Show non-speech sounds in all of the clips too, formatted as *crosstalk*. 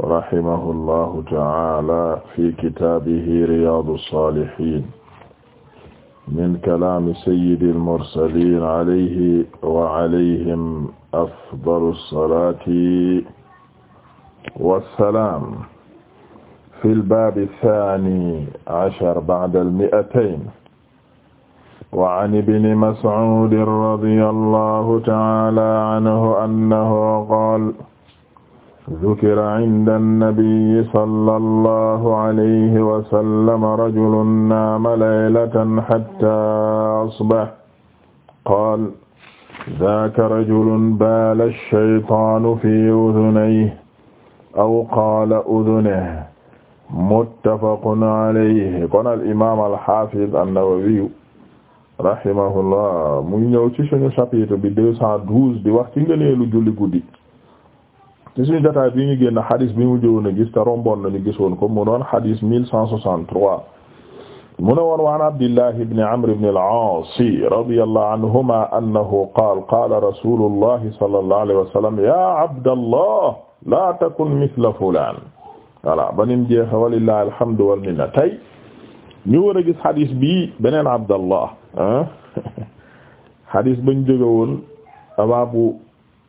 rahimahullahu ta'ala fi kitaabihi riyaadu saalihiin min kalaami sayyidil mursaliin alayhi wa alayhim afdalu salaati wa salaam fil baabi saani cashar ba'dal mi'atayn wa an ibni Mas'uudin radiyallahu ta'ala anhu annahu qaala zukira inda nabiyyi sallallahu alayhi wa sallam rajulun naama laylatan hatta asbaha qaala zaaka rajulun baala ash-shaytaanu fii udunayhi aw qaala udunayhi muttafaqun alayhi kon al-imaam al-haafiz an-Nawawi rahimahullah muy ñëw ci sunu chapitre bi deux cent douze di wax ci ngëneelu julli guddi ci suñu jotaay bi ñu génn xadis bi mu jëwoon a gis te romboon nañu gisoon ko mu doon xadis mille cent soixante-trois mu ne woon waan Abdillah ibn Amr ibn al-Aas radiyallahu anhuma annahu qaala qaala rasulullahi sallallahu alayhi wa sallam ya Abdallah la takun mithla fulan voilà banim jeexe walillahi alhamdu wal minna tey ñu war a gis xadis bi beneen Abdallah ah *laughs* xadis bañ jóge woon abaabu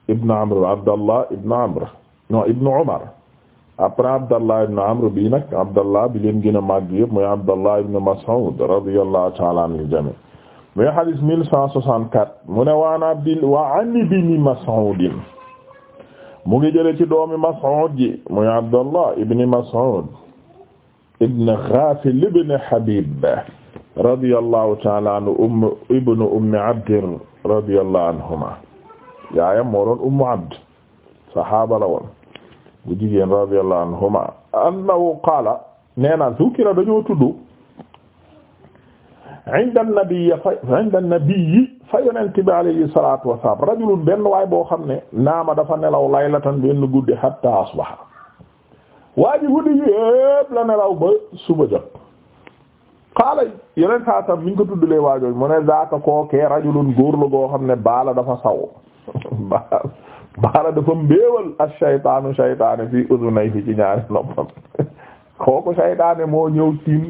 ibn Amr Abdallah ibn Amr non ibnu Umar après Abdallah ibn Amr bi nag Abdallah bi leen gën a màgg yëpp mooy Abdallah ibn Mas'ud radiyallahu ta'ala anil jami' muy hadith 1164 mu ne waan abdi wa an ibni Mas'ud mu ngi jële ci doomi Mas'ud ji muy Abdallah ibn Mas'ud ibn Ghafil ibn Habib radiyallahu ta'ala anhu umm ibn ummi Abd radiyallahu anhuma yaayam moo doon ummu Abd sahaaba la woon bu jigéen radiyallahu anhuma annahu qaala nee na zukira dañoo tudd inda nabiyyi fa inda nabiyyi fa yonent bi alayhi salatu wasalaam benn waay boo xam ne naama dafa nelaw laylatan benn guddi hatta asbaha waa ji guddi yépp la nelaw ba suba jot qaala yeneen saa tam mi ñu ko tuddalee waajooj mu ne zaaka kookee rajulun góor la goo xam ne baala dafa saw *laughs* baara dafa mbéewal ak saytaanu saytaane fii udunay fi ci ñaari noppam kooku saytaane moo ñëw tiim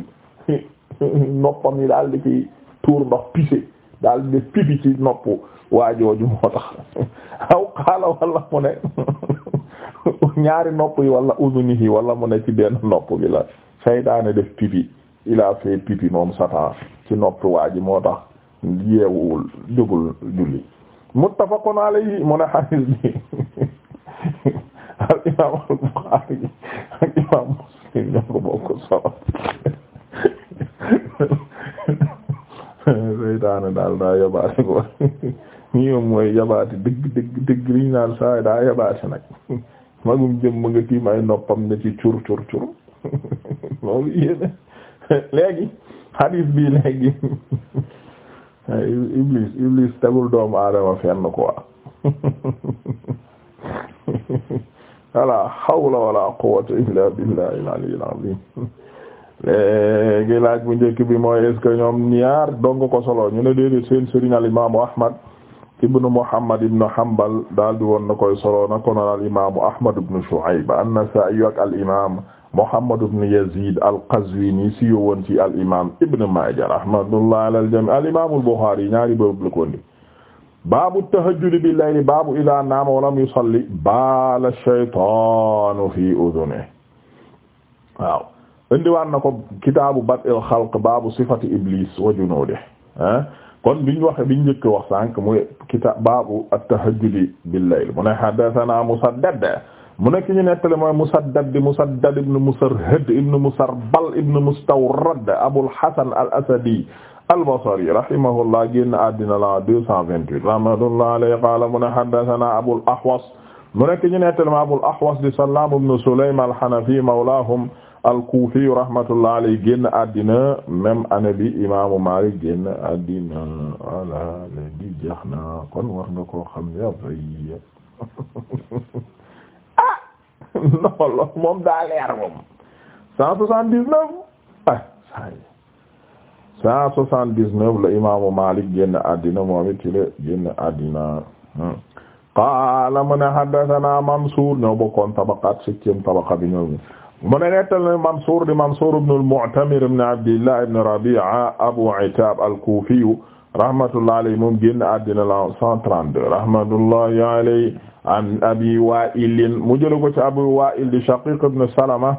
noppam yi daal di ci tuur ndox pissé daal di pipi ci nopp waajooju moo tax aw xaala wala mu ne ñaari nopp yi wala uduni yi wala mu ne ci benn nopp bi la saytaane def pipi il a fait pipi moom satan ci nopp waaji moo tax yeewul julli muttafaqun alayhi mu ne xadis bi al imam al Bukhari ak imam Muslim ñoo ko bokk solo seytaane daal daa yabaati ko ñi yoom mooy yabaati dëgg dëgg dëgg liñ naan saa daa yabaati nag magum jëm ma nga tiim ay noppam ne ci cur cur cur loolu yéene léegi xadis bi léegi iblis iblis tegul doomu aadama fenn quoi *laughs* wala hawla wala quwwata illa billahi al-aliyyil azim léegi laaj bu njëkk bi mooy est-ce que ñoom ñaar dong ko solo ñu ne déedéet seen sëriñ Ahmad ibnu Muhammad ibnu Hanbal daal di woon na koy solo na ko noon al imaamu Ahmad ibnu Shu'ayb an-Nasaa'i ak al imaam Muhammad ibnu Yaziid al-Qazwiini si yo woon ci al imaam Ibnu Maaja rahmatullahi ala al jamii' al imaam al-Bukhaari ñaari bërëb la ko indi baabu tahajjudi bil layli baabu idaa naama wa lam yusalli baala shaytaanu fii udunihi waaw indiwaan na ko kitaabu bad'il xalq baabu sifati iblis wa junuudihi ah. kon biñ waxe biñ njëkk wax sànq muy kitaab baabu at-tahajjudi bil-layl mu ne haddathana Musaddad mu ne ki ñu nettale mooy Musaddad di Musaddad ibn Musarhad ibn Musarbal ibn Mustawrad Abul Hasan al-Asadi al-Basri rahimahullah génn àddina la 228 rahmatullah alayhi qala mu ne haddathana Abul Ahwas mu ne ki ñu nettale mooy Abul Ahwas di Sallaam ibn Sulaym al-Hanafi mawlahum al-Kufi rahmatullah alayhi génn àddina même année bi imaamu Malik génn àddina voilà léegi jeex kon war nga koo xam ya *laughs* bay ah *laughs* non loolu moom daa leer moom cent soixante ah cent soixante la imaamu Malik génn àddina moom it ci la génn àddina hmm. qaala mu ne haddathana Mansuur ñoo bokkoon tabaqaat septième tabaqa bi ñoom mu ne nettal na Mansuur di Mansuur ibn al-Mu'tamir ibn Abdillah ibn Rabi'a Abu Itab al-Kufi rahmatullahi alayhi moom génn àddina la 132 rahmatullahi alayhi an Abi Wa'il mu jël ko ci Abu Wa'il di Shaqiq ibn Salama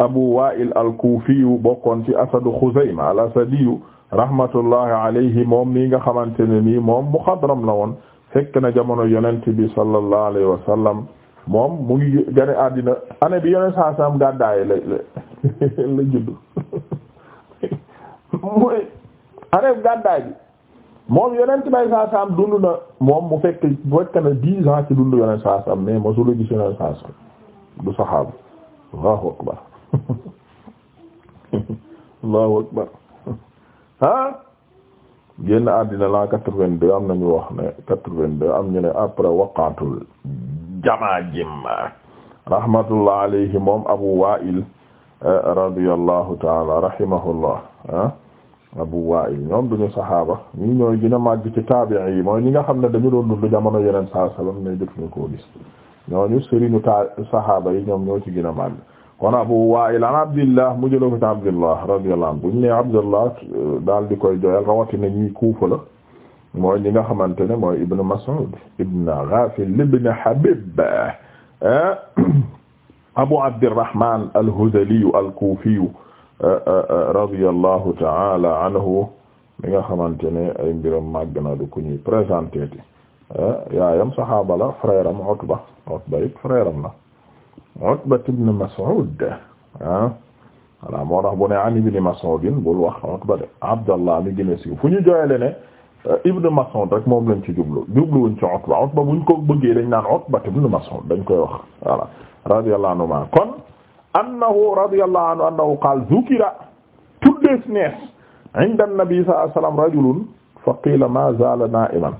Abu Wa'il al-Kufi bokkoon ci Asadu Xuzayma al-Asadi rahmatullahi alayhi moom nii nga xamante ne nii moom muxadram la woon fekk na jamono Yonent bi sallallahu alayhi wa sallam moom mu gane àddina année bi yoneen saa saam gàddaaye la la *laughs* la judd *laughs* mooy année gàddaay bi moom yoneen ci bay saa saam dund na moom mu fekk fekk na dix ans ci dund yoneen saa saam mais mosula gis yoneen saa saam du saxaaba allahu akbar *laughs* allahu akbar ah génn àddina la quatre-vingt-deux am nañu wax ne quatre-vingt-deux am ñu ne après waqaatul jamaajim rahmatullah alayhi moom Abu Wa'il eh, radiyallahu ta'ala rahimahullah ah. Abu Wa'il ñoom duñu saxaaba ñii ñooy gën a bi ci taabi'i yi mooy ñi nga xam ne dañu doon dund jamono yeneen saa salaam ne saxaaba yi ñoom ñoo ci gën a màgg kon Abu Wa'il an Abdillah mu jëloo ko ci Abdillah radiyallahu anhu buñ ne Abdillah eh, daal di koy joyal rawatina ñi Kuufa la mooy ñi nga xamante ne mooy ibn Mas'ud ibn Ghafil ibn Habib eh, *clears throat* Abu Abdirrahman al-Hudhali al-Kufi eh, eh, radiyallahu ta'ala anhu mi nga xamante ne ay mbiram màgg na du ku ñuy présenté ti yaayam saxaaba la frère am Utba Utba it frère am la Utba ibn Mas'ud ah voilà moo tax bu ne an ibn Mas'ud bul wax Utba de Abdallah mi gën a siiw fu ñu jooyale ne Euh, ibn Mas'ud rek moom lañ ci jublu jubluwuñ ci Utba Utba buñ ko bëggee dañ naan Utba ibn Mas'ud dañ koy wax voilà radiyallahu anhu ma kon annahu radiyallahu anhu annahu qaal zukira tuddees nees inda an-nabi sallallahu alayhi wa sallam rajulun fa qiila ma zaala naa'iman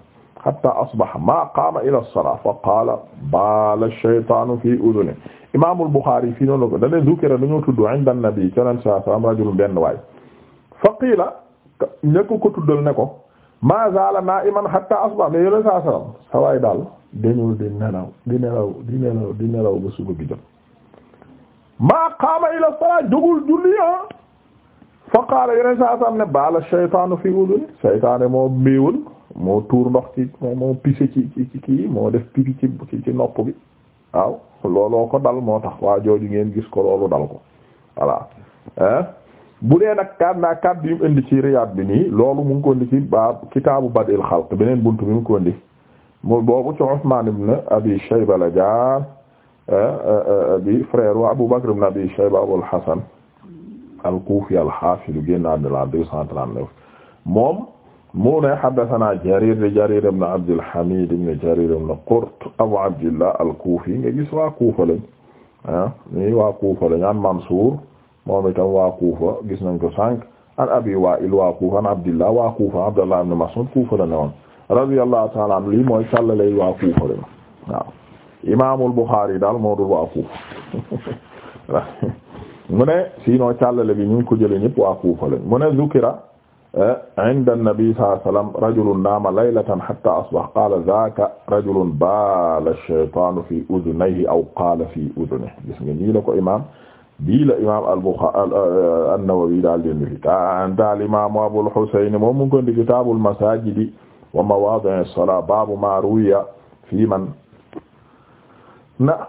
hatta asbaha ma qaama ila as-salaati fa qaala baala ash-shaytaanu fi udunihi Imaam al-Bukhari fii noonu la ko dane zukira dañoo tudd inda an-nabi sallallahu alayhi wa sallam rajulun benn waay fa qiila ña ko ko tuddal ne ko ma zaala naa'iman hatta asbaha mais yoneen saa salaam sa waay daal dañul di nelaw di nelaw di nelaw di nelaw ba suba bi jot maa qaama ila salaat jógul julli ah fa qaala yoneen saa salaam ne baala shaytaanu fi uduni shaytaane moo méewal moo tuur ndox ci moo pise ci ci ci kii moo def pipi ci ci nopp bi waaw looloo ko dal moo tax waa jooju ngeen gis ko loolu dal ko voilà bu dee kaat naa kàddu yim ci riyaad bi nii loolu mu ngi ko indi ci baab kitaabu badil xalq beneen buntu bi mu ko boobu ci Usmaan ibn Abi Shayba la eh, eh, eh, bi frère Abu Bakr ibn Abi Shayba Abul Hasan al-Kufi al-Hafiz génn àddina la deux Abu Abdillah al-Kufi nga gis waa Kufa lañ ah, Mansuur moom itam waa Kuufa gis nañ ko sànq an Abi Waa'il waa Kuufa an Abdillah waa Kuufa Abdallah ibn Mas'ud Kuufa la ne woon radiyallahu ta'ala anhu lii mooy sàllalay waa Kuufa la waaw Imaamul Buxaari daal moo dul waa Kuufa *laughs* mu ne sinon càllale bi ñu ngi ko jëlee ñëpp waa Kuufa lañ mu ne zukira eh, inda an-nabi sallallahu alayhi wasallam rajulun naama laylatan hatta asbaha qaala zaaka rajulun baala ash-shaytaanu fi udunayhi aw qaala fi udunihi gis nga nii la ko imaam bii la imaam al-Bukhari euh, an-Nawawi daal di indi kanta al-imaam Abul Husayn moom mu ngi ko indi kitaabul masaajidi wa mawaadi'i as-salaat baabu maa ruwiya fii man na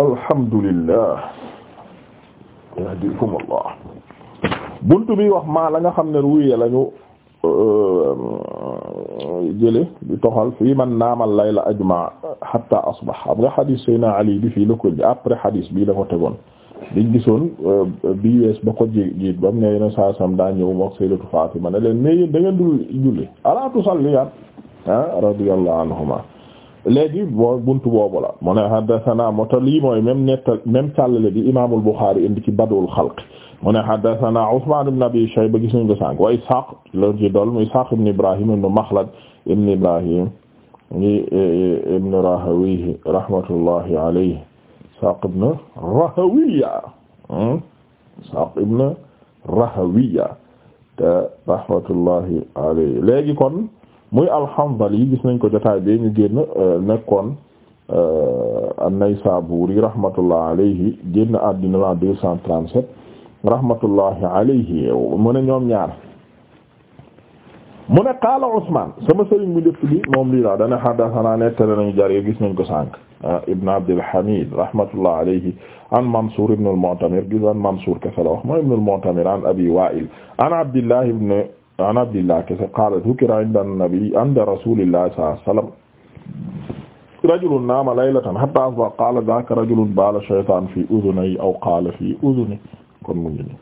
alhamdulillah yahdikum Allah buntu bi wax maa la nga xam ne ruwiya lañu euh, jële di toxal fii man naamal layla ajma hatta asbah xam nga hadis sayna ali bi fii la ko après hadis bii la ko tegoon diñ gisoon euh, bi wees ba ko ji jiit bam ne yene saa sam daa ñëw wax sayyidatu Fatima ne leen mais yéen da ngeen dul julli ala tusalliyaan ah radiyallahu anhuma léegi boo buntu boobu la mu ne haddathana moto lii mooy même nettal même càllale bi imaamul Bukhari indi ci badul xalq mu ne haddathana Usman ibn Abi Shayba gis nañ ko sànq wa Ishaq la ci dool mu Ishaq ibn Ibrahim ibn Makhlad ibn Ibrahim e, e, rahmatullahi Ishaq ibn Rahawiya hmm? Ishaq ibn Rahawiya te rahmatullahi alayhi léegi kon muy al-Hanzali gis nañ ko jotaay bi ñu génn e, nekkoon an-Naysaburi rahmatullahi alayhi génn àddina la rahmatullahi alayhi mu ne ñoom ñaar mu ne qaala Usmaan sama sëriñ bu njëkk bi moom lii la dana haddathana nettali nañu Jarir gis nañ ko sànq ibn Abdul Hamid rahmatullahi alayhi an Mansuur ibn al-Mu'tamir gis an Mansuur kese la wax mooy ibn al-Mu'tamir an Abi Waa'il an Abdillah ibn an Abdillah kese qaala dhukira inda an-nabi inda rasulillahi sallallahu alayhi wasallam rajulun naama laylatan hatta asbaha qaala dhaaka rajulun baala shaytaan fi udhunihi aw qaala fi udhunihi kon mu ngi nii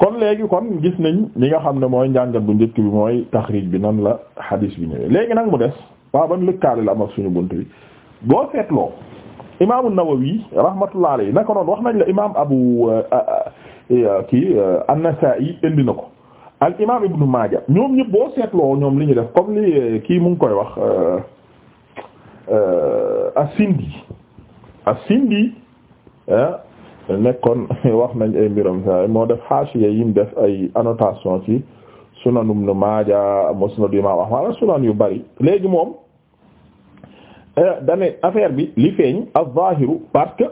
kon léegi kon gis nañ li nga xam ne mooy njàngat bu njëkk bi mooy taxriij bi nan la hadis bi ñëwee léegi nag mu des waaw ban lëkkaale la am suñu bunt bi boo seetloo imaamu Nawawi rahmatullah alayhi naka noonu wax nañ la imaam Abu uh, uh, uh, kii An-Nasa'i indi na ko al imaam Ibn Maaja ñoom ñëpp boo seetloo ñoom li ñu def comme li kii mu ngi koy wax as-Sindi as-Sindi. Ah, nekkoon *laughs* wax nañ ay mbiram saa moo def xaasiya yim def ay annotation ci sunanum nu maaja musnad imam ahmad sunan yu bari léegi moom eh, dane affaire bi li feeñ az-zahiru parce que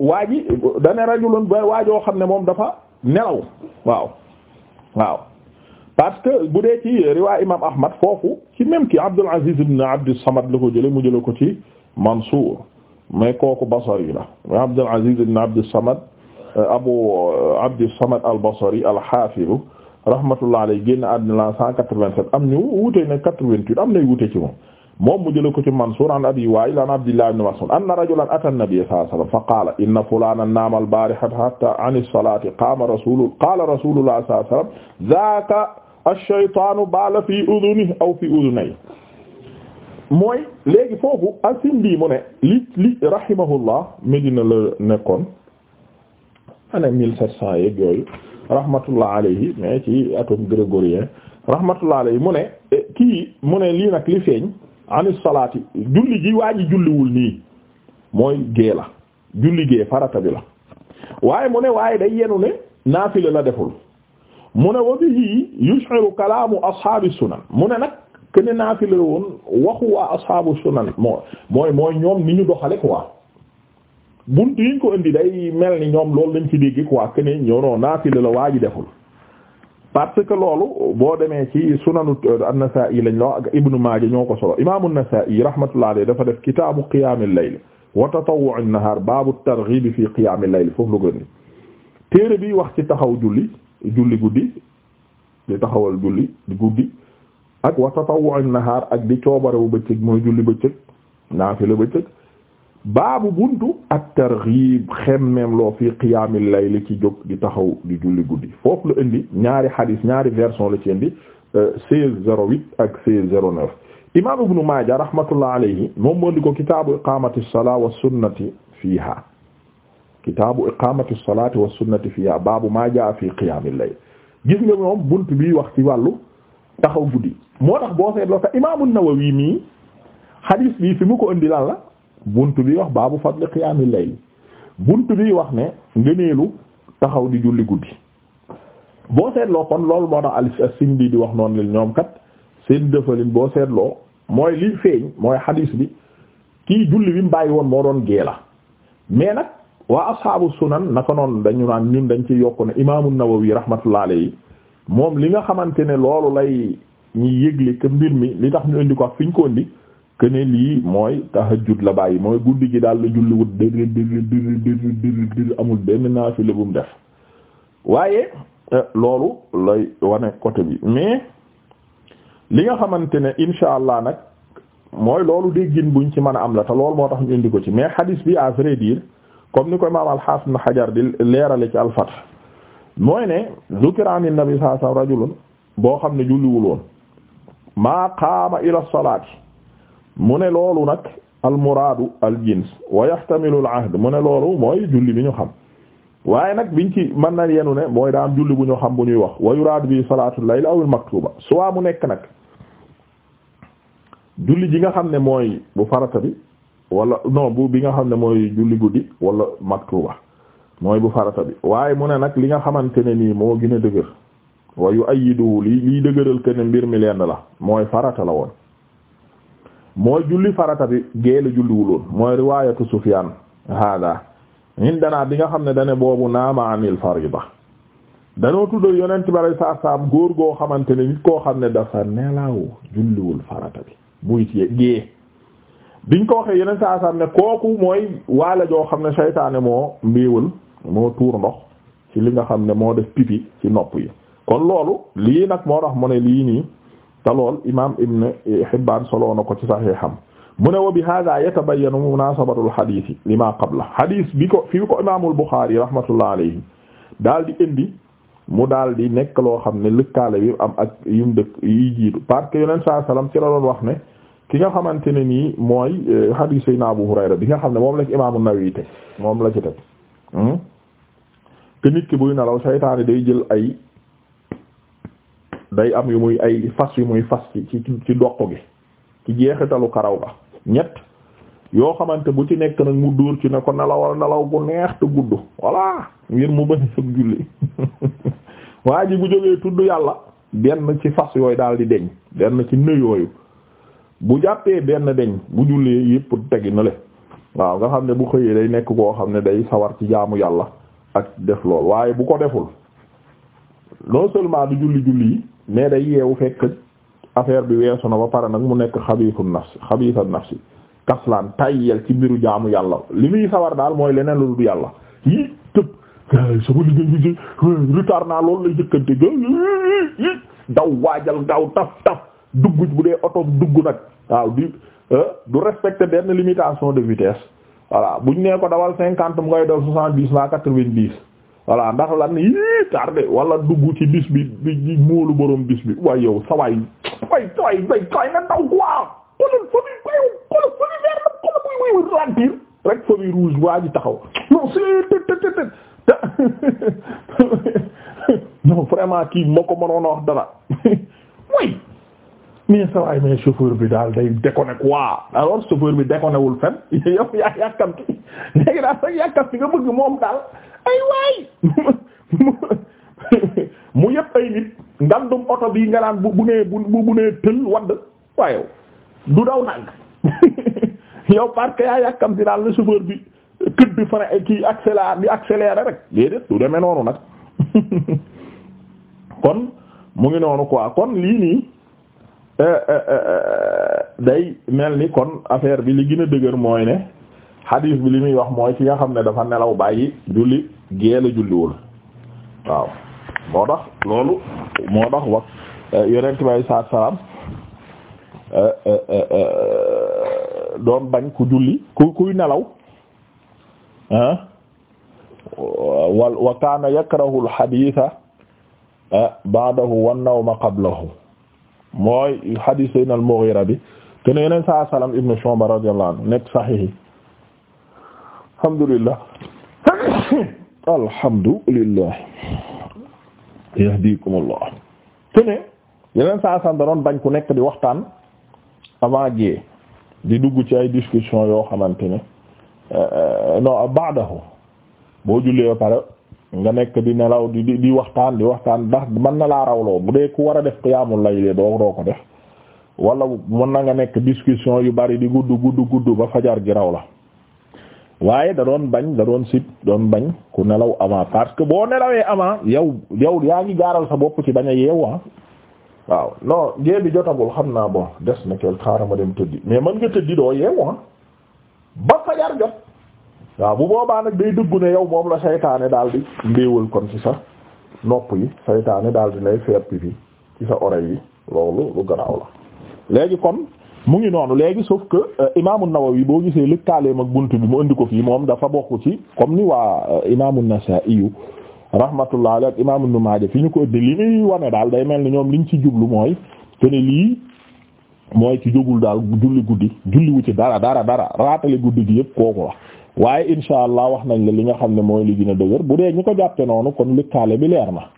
waa dane rajulun ba waajoo xam ne moom dafa nelaw waaw waaw parce que bu dee ci riwaa imam ahmad foofu ci même ki abdul aziz ibn abdus samad la ko jële mu jële ko ci mansour mais kooku basari la wa Abdul Aziz ibn Abdus Samad euh, Abu euh, Abdus Samad al-Basri al-Hafiz rahmatullah alayhi génn àddina la 187 am ñu wuute ne 88 am na wuute ci moom moom mu jëlee ko ci Mansuur an Abi Waa'il an Abdillah ibn Mas'ud anna rajulan ataa an-nabiyya sallallahu alayhi wa sallam fa qaala inna fulaanan naama al-baarihata hattaa an as-salaati qaama rasuulu qaala rasuulullah sallallahu alayhi wa sallam zaaka ash-shaytaanu baala fii udunihi aw fii udunayhi mooy léegi foofu al-Sindi mu ne li li rahimahullah Medina la nekkoon année mille sept cent yeeg yooyu rahmatullah alayhi mais ci atum grégorien rahmatullah alayhi mu ne eh, kii mu ne lii nag li feeñ anis salaati julli ji waa julliwul nii mooy gée la julli gée farata bi la waaye mu ne waaye day yenu ne naafila la deful mu ne wa bihi yush'iru kalaamu ashaabi sunan mu ne nag kene naafila woon waxu waa ashaabu sunan moo mooy mooy ñoom ni ñu doxale quoi bunt yiñ ko indi day mel ni ñoom loolu lañ ci dégg quoi kene ñoonoo naafila la waa ji deful parce que loolu boo demee ci sunanu euh, an-Nasa'i lañ la ak Ibnu Maaja ñoo ko solo imaamu an-Nasa'i rahmatullahi alayhi dafa def kitaabu qiyaamil layl wa tatawwu' an-nahaar baabu targhiib fi qiyaamil layl foofu lu gën ni téere bi wax ci taxaw julli julli guddi di taxawal julli guddi ak wa tatawwu nahaar ak di coobarewu bëccëg mooy julli bëccëg naafila bëccëg baabu buntu ak targhib xemmeem loo fi qiyaamil layli ci jóg di taxaw di julli guddi ñaari hadith ñaari version la ci indi 1608 ak 1609 imam ibnu maaja rahmatullah alayhi moom moo di ko kitaabu wa sunnati fiiha baabu maa jaa fi qiyaamil layl gis buntu bi wax ci wàllu taxaw guddi moo tax boo seetloo te imaamu Nawawi mii xadiis bi fi mu ko indi lan la bunt bi wax baabu fadli qiyaamil layl bunt bi wax ne ngëneelu taxaw di julli guddi boo seetloo kon loolu moo tax alif as di wax noon la ñoom kat seen dëfalin boo seetloo mooy li feeñ mooy xadiis bi kii julli bi mu bàyyi woon moo doon gee la mais nag waa ashaabu sunan naka noonu dañu naan ñun dañ ci yokk ne imaamu Nawawi rahmatullah yi moom li nga xamante ne loolu lay ñi yégle que mbir mi li tax ñu indi ko ak fi ñu ko indi que ne lii mooy tahajjud la bàyyi mooy guddi gi daal la julliwut dër dër dër dër amul benn naafila bu mu def waaye eh, loolu lay wane côté bi mais li nga xamante ne insha allah nag mooy loolu déggin buñ ci man a am la te loolu moo tax ñu indi ko ci mais hadis bi à vrai comme ni koy maam al-Hasan Hajar di leerale ci al mooy ne zukira an nabi sallallahu alayhi boo xam ne julliwul woon maa qaama ila salaati mu ne loolu nag al muraadu al jins wa yahtamilu al ahd mu ne loolu mooy julli bi ñu xam waaye nag biñ ci mën na yenu ne mooy daa am julli bu ñu xam bu ñuy wax wa yuraadu bi salaatul layl aw al maktuba soit mu nekk nag julli ji nga xam ne mooy bu farata bi wala no bi nga xam ne mooy julli guddi wala maktuba mooy bu farata bi waaye mu ne nag li nga xamante ne nii moo gën a dëgër wa yu ayidu li liy dëgëral ke mbir mi lenn la mooy farata la woon mooy julli farata bi géela julliwuloon mooy riwaayatu Sufyaan hada indana bi nga xam ne dane boobu naama anil farida danoo tuddal yonent bare saa saam góor goo xamante ne nit koo xam ne dafa nelaw julliwul farata bi muy gée biñ ko waxee yonent saa saam ne kooku mooy waala joo xam ne saytaane moo mbiiwul moo tuur ndox ci li nga xam ne moo def pipi ci nopp yi kon loolu lii nag moo tax mu ne lii nii te lool imaam Ibn Hibbaan soloo na ko ci saxiixam mu ne wa bi hada yatabayyanu munasabatu alxaditi li ma qabla hadis bi ko fi ko imaamul Buxaari rahmatullah alayhi daal di indi mu daal di nekk loo xam ne lëkkaale bi am ak yum dëkk yi jiitu parce que yonent salaam ci la doon wax ne ki nga xamante ne nii mooy euh, hadis Seydina Abu Hurayra bi nga xam ne moom la ci imaamu Nawawi moom la ci teg hmm? te nit ki buy nelaw saytaane day jël ay day am yu muy ay fas yu muy fas ci ci ci doq gi ci jeexitalu karaw ga ñett yoo xamante bu ci nekk nag mu dóor ci ne ko nelawal nelaw bu neex te gudd voilà ngir mu bañ *laughs* waa ji bu jógee tudd yàlla benn ci fas yooyu daal di deñ benn ci nëy yooyu bu jàppee benn deñ bu jullee yëpp tegi na le waaw nga xam ne bu xëyee day nekk koo xam ne day sawar ci jaamu yàlla ak def lool waaye bu ko deful non seulement du julli julli yi mais day yeewu fekk affaire bi weesu na ba pare nag mu nekk xabiisu nafsi xabiisa nafsi kaslaan tayyel ci mbiru jaamu yàlla li muy sawar daal mooy leneen lu dul yàlla yi tëb sama liggéey bi retard naa loolu lay jëkkante ga daw waajal daw taf taf dugg bu dee oto dugg nag waaw di euh, du respecter benn limitation de vitesse voilà buñ nee ko dawal cinquante mu ngay doon soixante dix ba quatre vingt dix voilà ndax yii tardé wala dugg ci bis bi bi borom bis waaye yow sawaay way tooy bay tooy nga daw waaw xolol famille koy xolol famille vert la xolo muy muy ralentir rek famille rouge waa ji taxaw non si të të të të *laughs* non vraiment kii moo ko mënoon a wax dara way *laughs* mais sa waay mais chauffeur bi daal day déconné quoi alors chauffeur bi déconné wul fen *laughs* yaa yàkkamti léegi daal rek yàkkamti nga bëgg moom daal ay waay *laughs* mu yëpp ay nit ngandum oto bii nga naan bu bu nee bu bu nee tël wadd waaye du daw nang *laughs* yow parce yaa yàkkamti daal la chauffeur bi kët bi fana eh, kii accélère di accéléré rek déedéet du demee noonu nag kon mu ngi noonu kon lii nii Euh, euh, euh, day mel ni kon affaire bi li gën a dëgër mooy ne hadith bi li muy wax mooy ci nga xam ne dafa nelaw bàyyi julli géela julliwul waaw moo tax loolu moo tax wax yonent bi alayhi salaam doon bañ ku julli ku kuy nelaw ah wa wa kaana yakrahu al-hadiitha ba'dahu wan qablahu mooy hadith Seydina al-Mughira bi te ne saa salaam ibn Shu'ba radiyallahu anhu nekk sahih yi alhamdulillah *coughs* alhamdulillah yahdikumullah te ne yeneen saa salaam da doon bañ ku nekk di waxtaan avant gée di dugg ci ay discussion yoo xamante ne euh, euh, non boo jullee ba pare nga nekk di nelaw di di waxtaan di waxtaan ndax mën na laa rawloo bu dee ku war a def qiyaamul layl doo doo ko def wala mën na nga nekk discussion yu bari di gudd gudd gudd ba fajar gi raw la waaye da doon bañ da doon sit doon bañ ku nelaw avant parce que boo nelawee avant yow yow yaa ngi gaaral sa boppu ci bañ a yeewu ah waaw non gée bi xam naa bon des na kel xaaral dem tëddi mais mën nga tëddi doo yeewu ah. ba fajar jot waaw bu boobaa nag day dëggu ne yow moom la saytaane daal di mbéewal kon ci sa nopp yi saytaane daal di lay faire pipi ci sa oreille yi loolu lu garaaw la léegi kon mu ngi noonu léegi sauf que euh, imaamu yi boo gisee lëkkaaleem ak bunt bi mu indi ko fii moom dafa bokk ci comme ni waa euh, imaamu Nasaa'i rahmatullah alayhi ak imaamu Ibnu Maaja fi ñu ko indi li ñuy wane daal day mel ni ñoom liñ ci jublu mooy te ne lii mooy ci jógul daal julli guddi julli wu ci dara dara dara raatale guddi gi yëpp kooku la waaye insha allah wax nañ la li nga xam ne mooy li gën dëgër bu dee ñu ko jàppe noonu kon lëkkaale bi leer na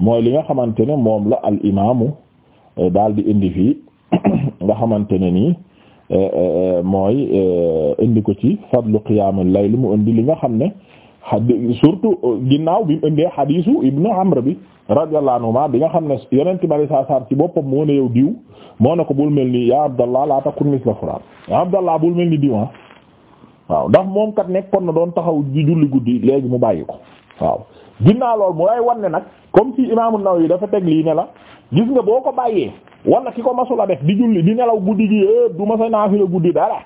mooy li nga xamante ne moom la al imaamu eh, daal di indi fii *coughs* nga xamante ne nii eh, eh, mooy indi ko ci fadlu qiyaamul layl mu indi li nga xam ne xadi surtout ginnaaw bi mu indee xadiisu ibnu amr bi radiyallahu anhuma bi nga xam ne yonent bari saa saam ci boppam moo ne yow diw moo ne ko bul mel nii ya abdallah laa takun misla fulaan yaa abdallah bul mel ni ah. waaw ndax moom kat nekkoon na doon taxaw di julli guddi léegi mu bàyyi ko waaw ginnaaw loolu mu lay wan nag comme si imaamu yi dafa teg lii ne la gis nga boo ko bàyyee wala ki ko masula def di julli di nelaw guddi gi yëpp du masa naafila guddi dara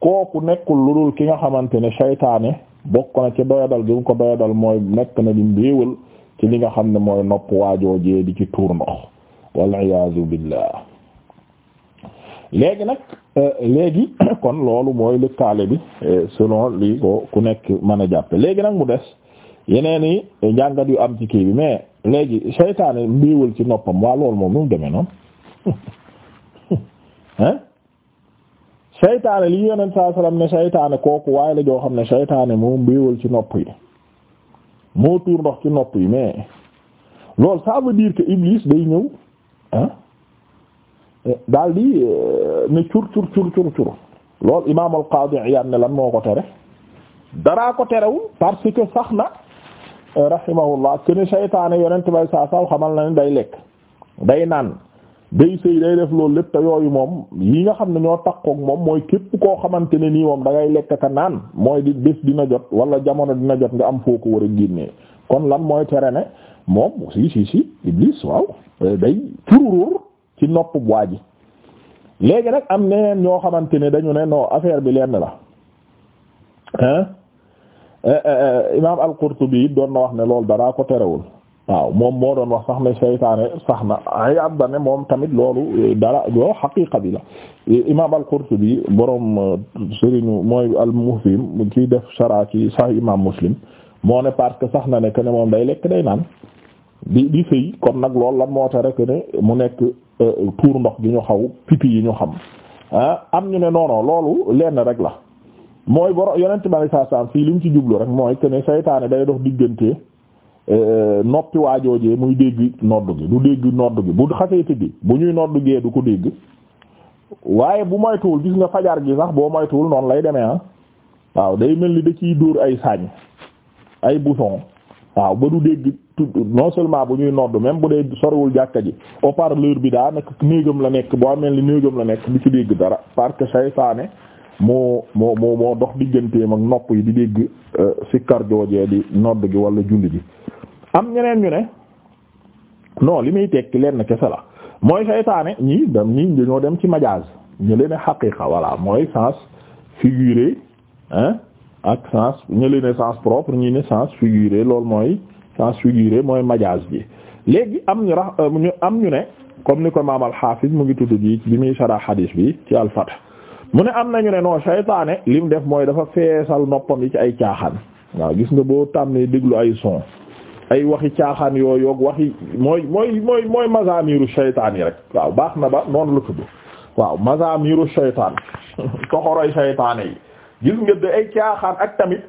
kooku nekkul lu dul ki nga xamante ne saytaane bokk na ci doyadal gi mu ko doyadal mooy nekk na di mbéewal ci li nga xam ne mooy nopp waajoojee di ci tuur ndox wal iyaazu billah léegi nag euh, léegi *coughs* kon loolu mooy lëkkaale bi euh, selon lii ko ku nekk mën a jàppe léegi nag mu des yeneen i njàngat yu am ci kii bi mais léegi seytaane mbiiwal ci noppam waa lool moom nu mu demee noonu *laughs* hein seytaane li yonent saa salaam ne seytaane kooku waaye la joo xam ne seytaane moo mbiiwal ci nopp yi moo tuur ndox ci nopp yi mais loolu ça veut dire que Iblis day ñëw daal di euh, ne cur cur cur cur cur loolu imaam al qaadi Iyaad ne lan moo ko tere daraa ko terewul parce que sax na euh, rahimahullah kene saytaane yonent bay saa saw xamal na ne day lekk day naan day sëy day def loolu lépp yooyu moom yi nga xam ne ñoo takkook moom mooy képp koo xamante ne nii moom dangay ngay lekk ka naan mooy di bés dina jot wala jamono dina jot nga am foo ko war a génnee kon lan mooy tere ne moom si si si iblis waaw euh, day cururuur ci nopp waa ji léegi nag am neneen ñoo xamante ne dañu ne non affaire bi lenn la hein eh, eh, eh, imaam al doon na wax ne loolu dara ko terewul moom moo doon wax sax ne seytaane sax na ay abda ne moom tamit loolu dara yoo xaqiqa bi la imaam al-Qurtubi borom sëriñu mooy al-Mufhim def shara sax imaam Muslim moo ne parce que sax na ne que ne moom day lekk day naan di di sëy kon nag loolu lan moo tax rek ne mu nekk euh, tuur ndox gi ñu xaw pipi yi ñu xam ah am ñu ne non non loolu lenn rek la mooy boro yonent bi saa fii li ci jublu rek mooy que ne saytaane day dox diggante euh, noppi waajoojee muy dégg nodd gi du dégg nodd gi bu xasee tëdd bu ñuy nodd gee du ko dégg waaye bu moytuwul gis nga fajar gi sax boo moytuwul noonu lay demee ah waaw day mel ni da ciy dóor ay saañ ay bouchon waaw ba du dégg. non seulement bu ñuy nodd même bu dee sorewul jàkka ji haut-parleur bi daa nag néegam la nekk boo amee li néegam la nekk du ci dégg dara parce que saytaane moo moo moo moo dox digganteem ak nopp yi di dégg euh, si joojee di nodd gi wala julli ji am ñeneen ñu ne non li muy tekki lenn kese la mooy saytaane ñii dem ñii dañoo dem ci majaaz ñu leen xaqiiqa voilà mooy sens figuré hein ak sens ñu leen sens propre ñii ne sens figuré loolu mooy sens figuré mooy majaas bi léegi am ñu ra euh, ñu am ñu ne comme ni ko imaam al-Hafiz mu ngi tudd ji bi muy sara hadis bi ci al mu ne am nañu ne non saytaane lim def mooy dafa feesal noppam yi ci ay caaxaan waaw gis nga boo tàmmee déglu ay son ay waxi caaxaan yooyu yoog waxi mooy mooy mooy mooy mazamiru saytaan yi rek waaw baax na ba noonu la tudd waaw mazamiru saytaan *laughs* toxoroy saytaane yi gis nga de ay caaxaan ak tamit.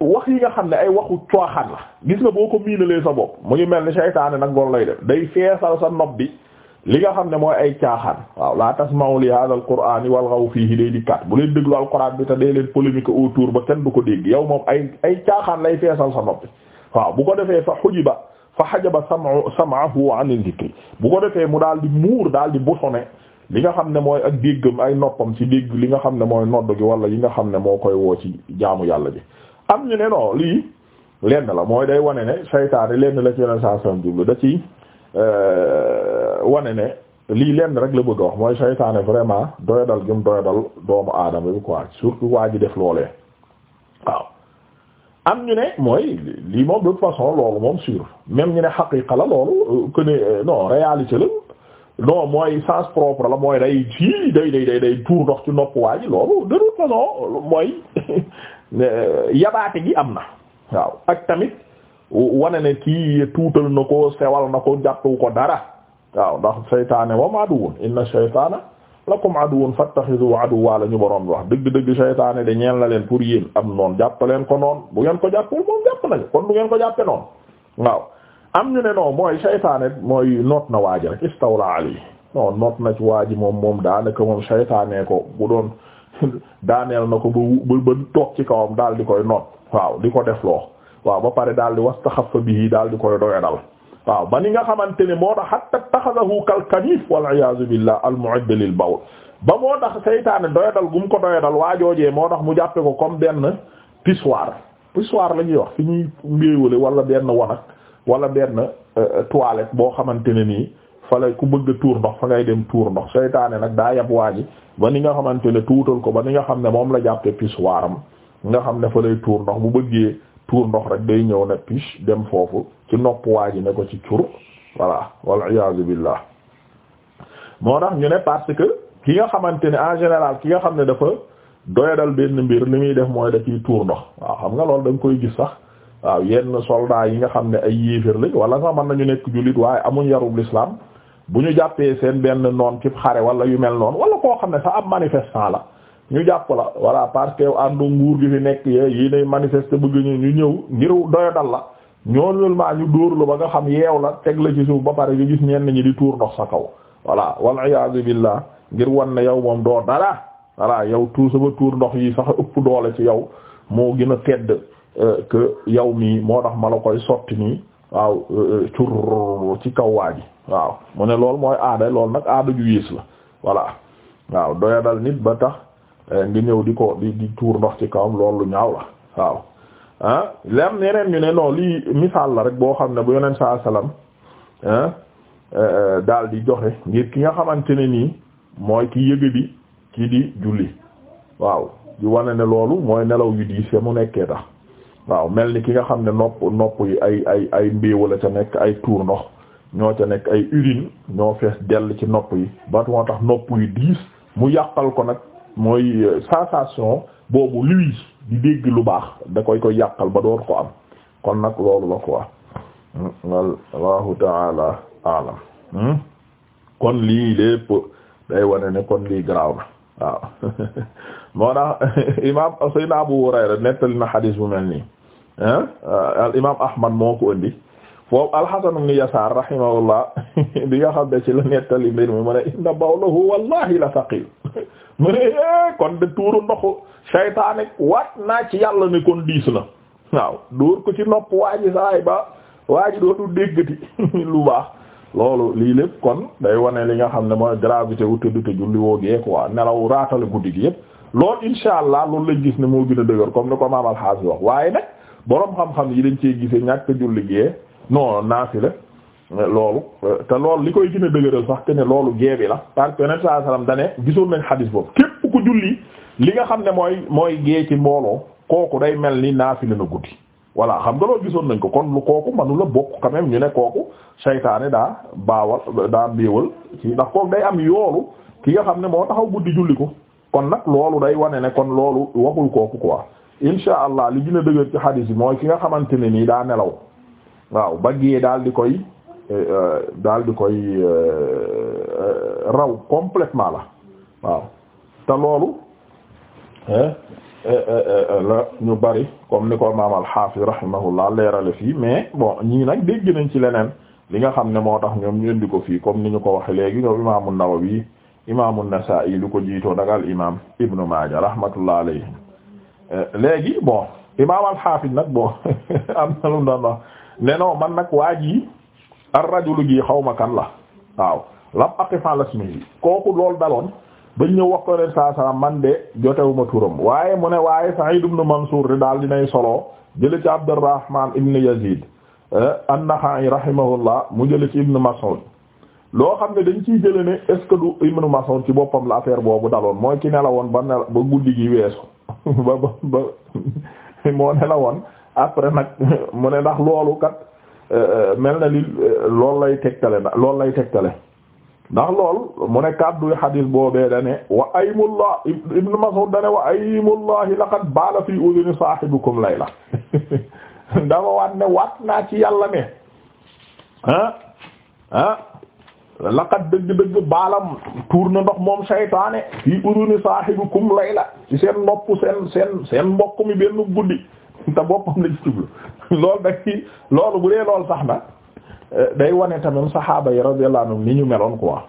wax yi nga xam ne ay waxu cooxaan la gis nga boo ko miinalee sa bopp mu ngi mel ni seytaane nag loolu lay def day feesal sa nopp bi li nga xam ne mooy ay caaxaan waaw laa tasma'u li hadha al-qur'ani walghaw fiihi day dikkaat bu leen déglu al-qur'an bi te day leen polémique autour ba kenn du ko dégg yow moom ay ay lay feesal sa nopp bi waaw bu ko defee fa xujiba fa xajaba sam'u sam'ahu 'an al-dhikri bu ko defee mu daal di muur daal di bouchonné li nga xam ne mooy ak déggam ay noppam ci dégg li nga xam ne mooy nodd gi wala yi nga xam ne moo koy woo ci jaamu yàlla bi am ñu ne non lii lenn la mooy day wane ne saytaane lenn la ci yeneen saa soxna jublu da euh, wane ne lii lenn rek la bu a mooy saytaane vraiment doyadal gi mu doyadal doomu aadama bi quoi surtout waa ji def loolee am ñu ne mooy lii moom de toute loolu moom sûr même ñu ne xaqiqa la loolu euh, que ne euh, non réalité la non mooy sens propre la mooy day ci day day day tuur ndox ci nopp waa ji loolu de façon mooy *laughs* Euh, yabaate gi am na waaw ak tamit wane ne kii tuutal na ko sewal na ko jàppu ko dara waaw ndax seytaane moom aduwun inna seytaana lakum aduwun fattaxidu aduwwa la ñu boroom bi wax dëgg-dëgg seytaane de ñeel na leen pour yéen am noon jàppaleen ko noon bu ngeen ko jàppul moom jàpp nañu kon du ngeen ko jàppe noonu waaw am ñu ne non mooy seytaane mooy noot na waaji rek istawla ali non noot na ci waaji moom moom daanaka moom seytaane ko bu doon daaneel na ko ba ba toog ci kawam daal di koy noon waaw di ko def loo waaw ba pare daal di wastaxaffa bihi daal di koy doge dal waaw ba ni nga xamante ne moo tax hatta taxadahu kal kanif wal iyaazu billah al mu'add lil bawl ba moo tax seytaane doyadal gum ko doyadal waa joojee moo tax mu jàppe ko comme benn pissoir pissoir la ñuy wax fi ñuy mbéewale wala benn wanag wala benn euh, toilette boo xamante ne nii fale ku bëgg a tuur ndox fa ngay dem tuur ndox seytaane nag daa yab waa ji ba ni nga xamante ne tuutal ko ba ni nga xam ne moom la jàppe pissoiram nga xam ne fa lay tuur ndox bu bëggee tour ndox rek day ñëw ne piche dem foofu ci nopp waa ji ne ko ci cur voilà wal iyaazu billah moo tax ñu ne parce que ki nga xamante ne en général ki nga xam ne dafa doyadal benn mbir li muy def mooy da ciy tuur ndox waaw xam nga loolu da koy gis sax waaw yenn soldats yi nga xam ne ay yéefér lañ wala nga mën nañu nekk jullit waaye amuñ yarub l'islam bu ñu jàppee seen benn noon ci xare wala yu mel noonu wala koo xam ne sa ab manifestant la ñu jàpp la voilà parte que àndu nguur gi fi nekk yee yi nay manifester bëgg ñu ñu ñëw ngir doyo dal la ñooñul maa ñu dóor la ba nga xam yeew la teg la ci suuf ba pare yu gis ñenn ñi di tuur ndox sa kaw voilà wal iyaazu billah ngir wan ne yow moom doo dara voilà yow tuur sama tuur ndox yi sax ëpp doole ci yow moo gën a tedd euh, que yow mii moo tax ma la koy sotti nii waaw euh, euh, ci kaw waa waaw mu ne loolu mooy aada loolu nag aada ju yées la voilà waaw doyadal nit ba tax eh, ngi ñëw di ko di di tuur ndox ci kawam loolu lu ñaaw la waaw ah leer ñu ne non lii misaal la rek boo xam ne bu yoneen saa salaam daal di joxe ngir ki nga xamante ne nii mooy ki yëg di di julli waaw di wane ne loolu mooy nelaw yu diis mu nekkee tax waaw mel ni ki nga xam ne nopp nopp ay ay ay mbéew la ca nekk ay tuur ndox. ñoo ca nekk ay urine ñoo fees dell ci nopp yi ba moo tax nopp yi diis mu yàqal ko nag mooy euh, sensation boobu luy di dégg lu baax da koy koy yàqal ba door ko am kon nag loolu la quoi hmm, wallahu taala alam hmm? kon lii lépp day wane ne kon lii garaaw na waaw *laughs* moo tax *laughs* imam Abu Hurayra nettali na xadiis bu mel nii euh, al imam Ahmad moo ko indi boobu alxasan ibn yasaar rahimahullah *laughs* bi nga xam ne ci la nettali mbir mi mu ne inna bawlahu wallahi la thaqil *laughs* mu ne eh, kon de tuuru ndoxu shaytaanik waat naa ci yàlla ne kon diis la waaw dóor ko ci nopp waaji saay ba waaji dootu déggati *laughs* lu baax loolu lii lépp kon day wane li nga xam ne mooy gravité wu du te julli woo gee quoi nelaw raatale guddi gi yëpp lool insha allah loolu lañ gis ne moo gën a dëgër comme ni ko maam alxaas wax waaye nag yi dañ cee gisee ñàkk julli non naafila loolu te loolu li koy gën a sax te ne loolu geebi la parce que yonent saa salaam dane gisoon nañ xadis boobu képp ku julli li nga xam ne mooy mooy gee ci mbooloo kooku day mel ni naafila na guddi voilà xam nga loolu gisoon nañ ko kon lu kooku manu la bokk quand même ñu ne kooku saytaane daa baawal daa mbiiwal ci ndax kooku day am yoolu ki nga xam ne moo taxaw guddi julli ko kon nag loolu day wane ne kon loolu waxul kooku quoi insha allah li gën a dëgër ci bi mooy ki nga xamante ne nii daa nelaw waaw ba gée daal di koy daal koy raw complètement la waaw te loolu la ñu bari comme ni ko imaam al-Hafiz rahimahullah leerale fii mais bon ñii nag dégg nañ ci leneen li nga xam ne moo tax ñoom ñu indi ko fii comme ni ñu ko waxee léegi ñoom imaamu Nawawi imaamu Nasa'i lu ko jiitoo nag al imaam Ibnu Maaja rahmatullah alayhi léegi bon imaam al-Hafiz bon *laughs* am na lu mu daan ne non man nag waa jii ar rajulu gi xaw ma kan la waaw lam aqifan lasmi bi kooku loolu daloon bañ ñëw wax ko leen saa man de jotewuma turam waaye mu ne waaye Sa'id ibn Mansur di daal dinay solo jële ci Abdurrahman ibn Yazid eh, an-Nakha'i rahimahullah mu jële ci Ibn Mas'ud loo xam ne dañ ciy jële ne est-ce que ci boppam la affaire boobu daloon mooy ki nelawoon ba nel guddi gi weesu *laughs* ba ba ba *laughs* moo nelawoon après nag *laughs* mu ne ndax loolu kat euh, euh, mel na li euh, loolu lay tegtale lool lay tegtale ndax lool mu ne kàdduy xadiis boobee dane wa aymullah ibnu Mas'ud dane wa aymullahi laqad baala fi uduni saahibikum layla *laughs* dafa waat ne waat naa ci yàlla ne ah ah laqad dëgg-dëgg baalam tuur na ndox moom saytaane fi uduni saahibikum layla ci seen nopp seen seen mbokk mi benn guddi te boppam la ci jublu loolu da loolu bu dee loolu sax na day wane tamit saxaaba yi radiyallahu anhum ni ñu meloon quoi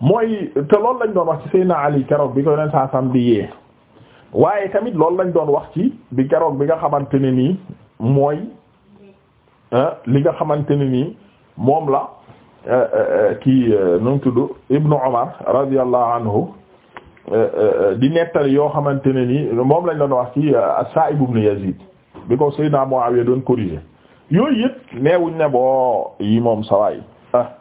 mooy te loolu lañ doon wax ci Seydina Ali keroog bi ko yoneen saa sam di waaye tamit loolu lañ doon wax ci bi keroog bi nga xamante ne nii mooy li nga xamante ne nii moom la euh, euh, euh, kii nu mu tudd Ibnu Umar radiyallahu anhu Euh, euh, euh, di nettali yoo xamante ne ni moom lañ doon wax ci Sa'ib ibn Yazid bi ko Seydina Muawiya doon corriger yooyu yëpp neewuñ na boo yi moom sawaay ah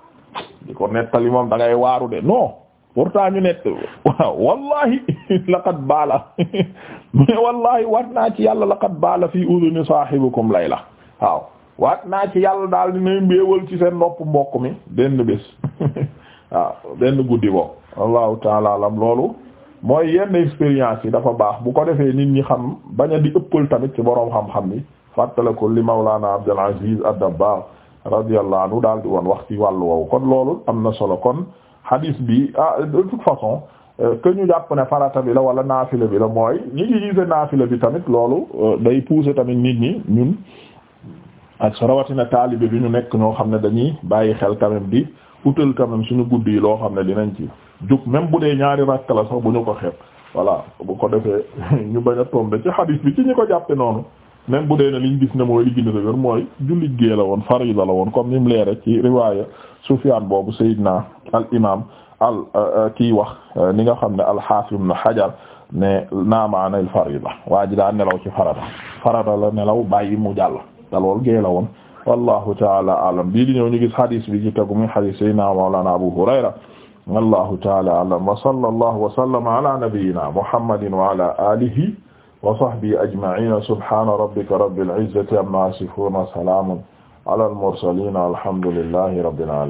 di ko nettali moom dangay waaru de non pourtant ñu nett waaw wallahi *laughs* laqad baala *laughs* mais wallahi waat naa ci yàlla laqad baala fi uduni lay layla waaw waat naa ci yàlla daal dina mbéewal ci seen nopp mbokk mi benn bés *laughs* waaw benn guddi bo wallahu taala loolu mooy yenn expérience yi dafa baax bu ko defee nit ñi xam bañ a di ëppal tamit ci boroom xam-xam ni fàttale ko li Mawlana Abdul Aziz ad-Dabbar radiyallahu anhu daal di woon wax ci wàllu woowu kon loolu am na solo kon hadis bi ah de toute façon euh, que ñu jàpp ne farata bi la wala naafila bi la mooy ñi ngi gise naafila bi tamit loolu euh, day pousser tamit nit ñi ñun ak sa rawatina taalibe bi ñu nekk ñoo xam ne dañuy bàyyi xel quand même bi utal quand suñu guddi yi loo xam ne dinañ ci jug même bu dee ñaari rakk la sax bu ñu ko xeeb voilà bu ko defee *laughs* ñu bañ a tombe ci xadis bi ci ñi ko jàppe noonu même bu dee ne liñ gis ne mooy li gëna dëgër mooy julli gée la woon farida la woon comme ni mu leere ci riwaaya Sufyaan boobu Seydina al imam al euh, kii wax euh, ni nga xam ne al-Haafis na Hajar ne naamaanal farida waa ji daa nelaw ci farada farada la nelaw bàyyi mu jàll te lool gée la woon wallahu taala alam bii di ñëw ñu gis hadis bi ci tegu muy hadis sayyidina mawlana Abu Hurayra wallahu taala alam wa sallallahu wa sallama ala nabiyyina muhammadin wa ala alihi wa sahbihi ajma'in subhana rabbika rabbil izzati amma yasifun wa salamun ala al mursalin alhamdulillahi rabbil alamin